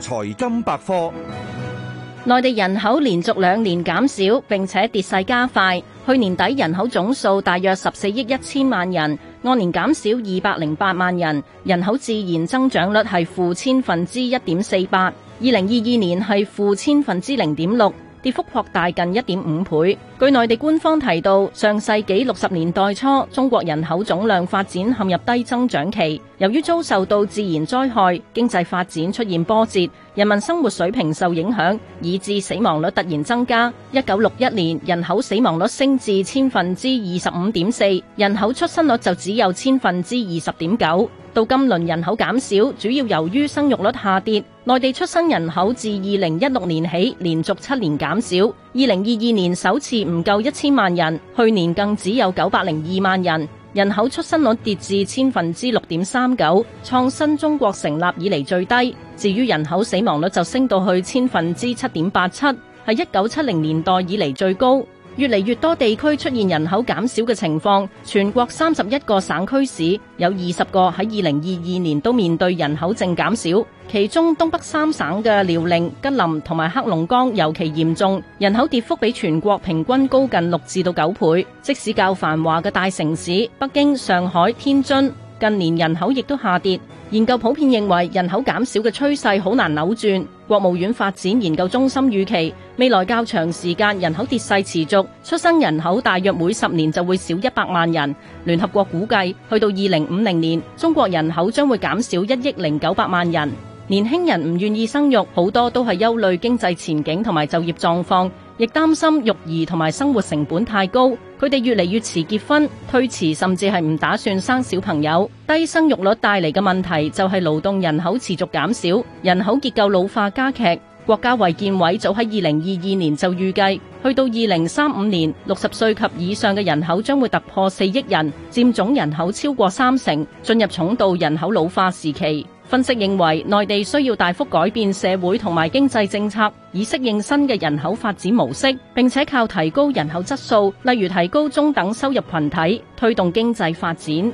財金百科：內地人口連續兩年減少，並且跌勢加快。去年底人口總數大約十四億一千萬人，按年減少二百零八萬人，人口自然增長率係負千分之一點四八，二零二二年係負千分之零點六。跌幅擴大近一點五倍。據內地官方提到，上世紀六十年代初，中國人口總量發展陷入低增長期，由於遭受到自然災害，經濟發展出現波折，人民生活水平受影響，以致死亡率突然增加。一九六一年，人口死亡率升至千分之二十五點四，人口出生率就只有千分之二十點九。到今輪人口減少，主要由於生育率下跌。內地出生人口自二零一六年起連續七年減少，二零二二年首次唔夠一千萬人，去年更只有九百零二萬人。人口出生率跌至千分之六點三九，創新中國成立以嚟最低。至於人口死亡率就升到去千分之七點八七，係一九七零年代以嚟最高。越嚟越多地區出現人口減少嘅情況，全國三十一個省區市有二十個喺二零二二年都面對人口淨減少，其中東北三省嘅遼寧、吉林同埋黑龍江尤其嚴重，人口跌幅比全國平均高近六至到九倍。即使較繁華嘅大城市，北京、上海、天津近年人口亦都下跌，研究普遍認為人口減少嘅趨勢好難扭轉。國務院發展研究中心預期，未來較長時間人口跌勢持續，出生人口大約每十年就會少一百萬人。聯合國估計，去到二零五零年，中國人口將會減少一億零九百萬人。年輕人唔願意生育，好多都係憂慮經濟前景同埋就業狀況，亦擔心育兒同埋生活成本太高。佢哋越嚟越遲結婚，推遲甚至係唔打算生小朋友。低生育率帶嚟嘅問題就係勞動人口持續減少，人口結構老化加劇。國家衛健委早喺二零二二年就預計，去到二零三五年，六十歲及以上嘅人口將會突破四億人，佔總人口超過三成，進入重度人口老化時期。分析認為，內地需要大幅改變社會同埋經濟政策，以適應新嘅人口發展模式，並且靠提高人口質素，例如提高中等收入群體，推動經濟發展。